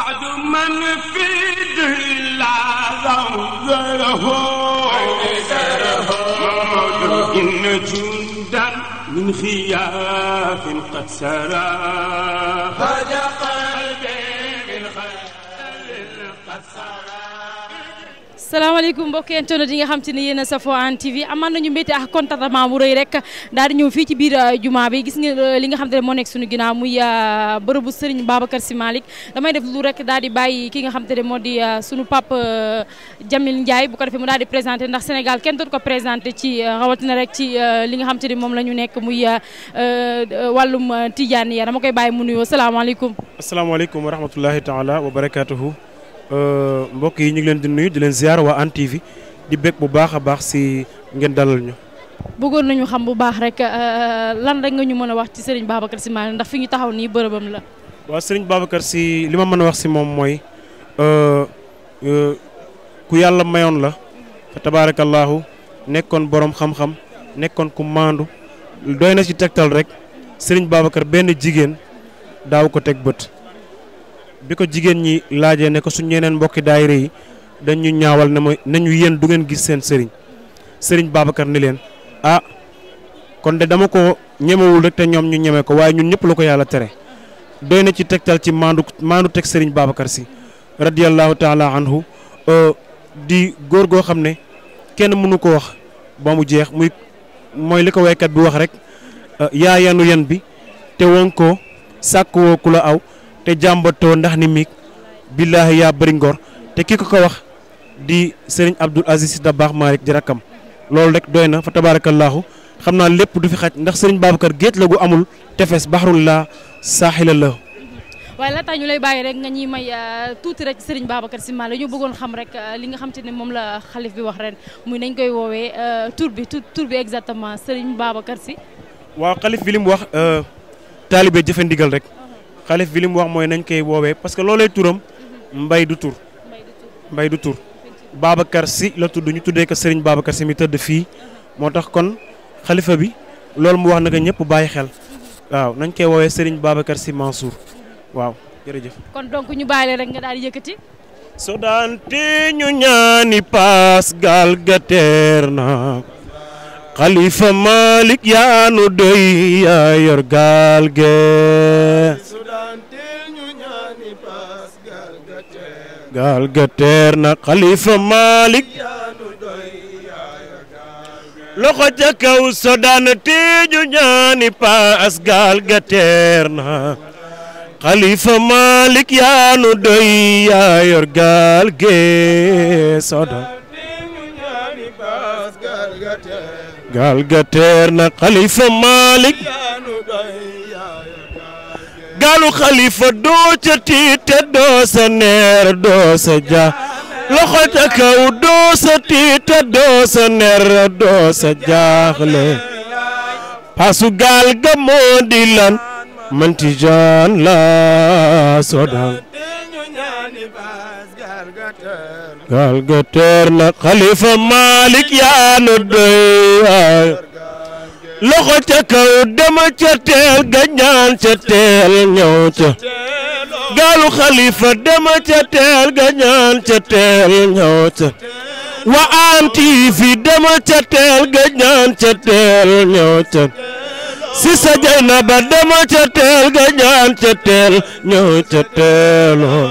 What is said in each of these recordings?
سعد من في دلا زرزره إن جندا من خياف قد سرى salaamaaleykum mbokki internet yi nga xam te ne yéen a safoo Hann TV amaan nañu mbéte ak contentement bu rëy rek daal di ñëw fii ci biir euh, jumaa bi gis nga euh, li nga xam te ne moo nekk suñu ginnaaw muy euh, bërëbu Serigne Babacar Sy Malick damay def lu rek daal di bàyyi ki nga xam ne moo di suñu pape Jamil Ndiaye bu ko defee mu daal di présenté ndax Sénégal kenn dootu ko présenté ci rawatina rek ci li nga xam te ne moom la ñu nekk muy wàllum Tidiane ya dama koy bàyyi mu nuyoo salaamaaleykum. asalaamaaleykum wa rahmatulahi taala wa barakaatuhu. Euh, mbokk yi ñu ngi leen di nuyu di leen ziar wa di bekk bu baaxa baax si ngeen dalal ñu. bëggoon nañu xam bu baax rek euh, lan rek nga ñu mëna wax ci Serigne Babacar Sy Malick ndax fi ñu taxaw ni bërebam la. wa Serigne Babacar Sy lima mëna wax a mom si euh euh ku yalla mayon la fa tabarakallah nekkon borom xam-xam nekkon ku mandu doyna ci tektal rek Serigne Babacar ben jigen daw ko tek beut biko ko ñi laaje ne ko suñu ñeneen mbokk daayira yi ñu ñaawal ne mooy nañu yeen du ngeen gis seen serigne serigne babakar ni leen ah kon de dama ko ñemewul rek te ñom ñu ñeme ko waye ñun ñëpp lu ko yalla téré doyna ci tektal ci mandu mandu tek serigne babakar si radiyallahu taala anhu euh, di gor go xamne ne kenn mënu ko wax ba mu jeex muy moy liko ko kat bi wax rek euh, yaa yanu yan bi te won ko sakko aw te jambato ndax ni mik billahi ya bëri ngor te kiko ko wax di serigne Abdul Aziz Dabakh malik di rakkam loolu rek doyna na fa tabarakallah xamna lepp du fi xaj ndax serigne babakar geet lagu amul tefes bahrullah sahilallah saaxila la waaye ñu lay baye rek nga ñi may euh, tuuti rek serigne babakar sima Malick ñu bëggoon xam rek euh, li nga xam ci ne mom la khalif bi wax ren muy nañ koy wowe euh, tour bi tour bi exactement serigne babakar si wa khalif bi lim wax taalibe jëfe rek khalif bi lim wax moy nañ koy wowe parce que lolé turam mbay du tour mbay du tour Babacar si la tuddu ñu tuddé ko Serigne Babacar si mi teud fi motax kon khalifa bi lol mu wax naka ñepp baye xel waaw nañ koy wowe Serigne Babacar si Mansour waaw jërëjëf. kon donc ñu bàyyi rek nga daal yëkëti so dan ti ñu ñaani pass Malik gaterna khalifa malik ya nu doy ya yor gaal ga teer na xalifa ca kaw so daan tiiju ñaani paas gaal ga teer yaa nu doy yaa gaal gee so gaal ga teer na xalifa gaalu xalifa doo ca tiite neer doo sa loxo ca kaw doo sa tiite neer doo jaaxle pasu gaal ga moo di jaan la sodal gaal ga teer xalifa Malik yaa nu doy loxo ca kaw dem ca teel ga ñaan ca teel ñëw ca gaalu xalifa dem ca teel ga ñaan ca teel ñëw ca wa am tii fi ca teel ga ñaan ca teel ñëw ca si sa ba dem ca teel ga ñaan ca teel ñëw ca teeloo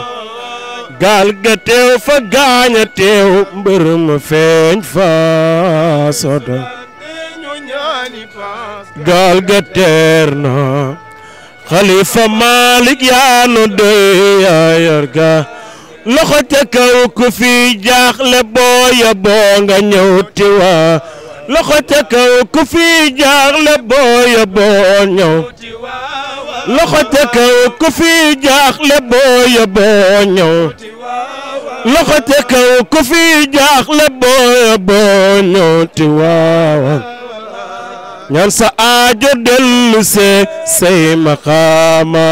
gaal ga teew fa gaaña teew mbër ma feeñ fa sodo gaal ga teer xalifa Malick yaa nu doy yaa yor ga loxo ca kaw ku fi jaaxle booya boo nga ti waa loxo ca kaw ku fi jaaxle booya boo loxo ca kaw ku fi jaaxle booya booya boo ti waawa ñaan sa aajo dellu see say maqaama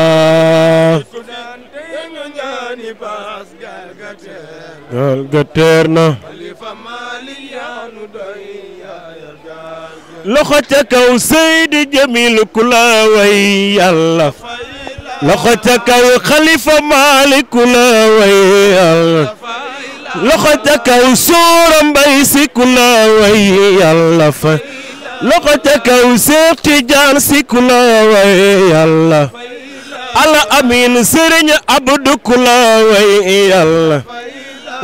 gaal ga teer na loxo ca kaw Seydi Jamil ku la way yàlla loxo ca kaw Xalifa Maalik ku la way yàlla loxo ca kaw Suura Mbay Si ku la way yàlla fa لقتك وسيبت جان لا وي الله الله أمين سرني عبدك لا وي الله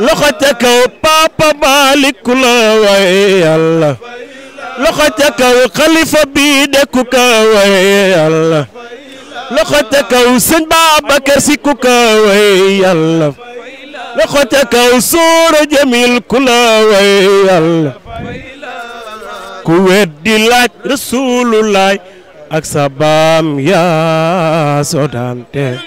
لقتك وبابا مالك لا وي الله لقتك وخليفة بيدك كا وي الله لقتك وسن بابك كا وي الله لقتك وصور جميل كلا وي الله ku weddi laaj rasulullaay ak sa baam yaa sodante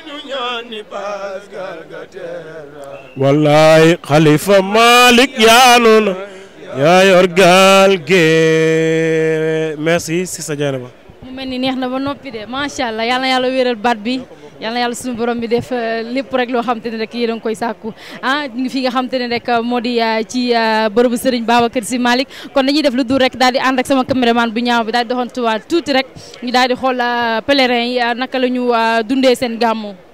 wallaay xalifa malik yaanu na yaa yor gaal ge si sa jaane ba mu mel ni neex na ba noppi de macha allah yàlla yàlla wéeral baat bi yal na yàlla suñu borom bi def euh, lépp rek loo xamante ne rek yéen a ngi koy sàkku ah fi nga xamante ne rek moo di euh, ci euh, bërëbu Serigne Babacar si Malick kon dañuy def lu dul rek daal di ànd ak sama caméraman bu ñaaw bi daal di waat tuuti rek ñu daal di xool pèlerin yi naka la ñu dundee seen gàmmu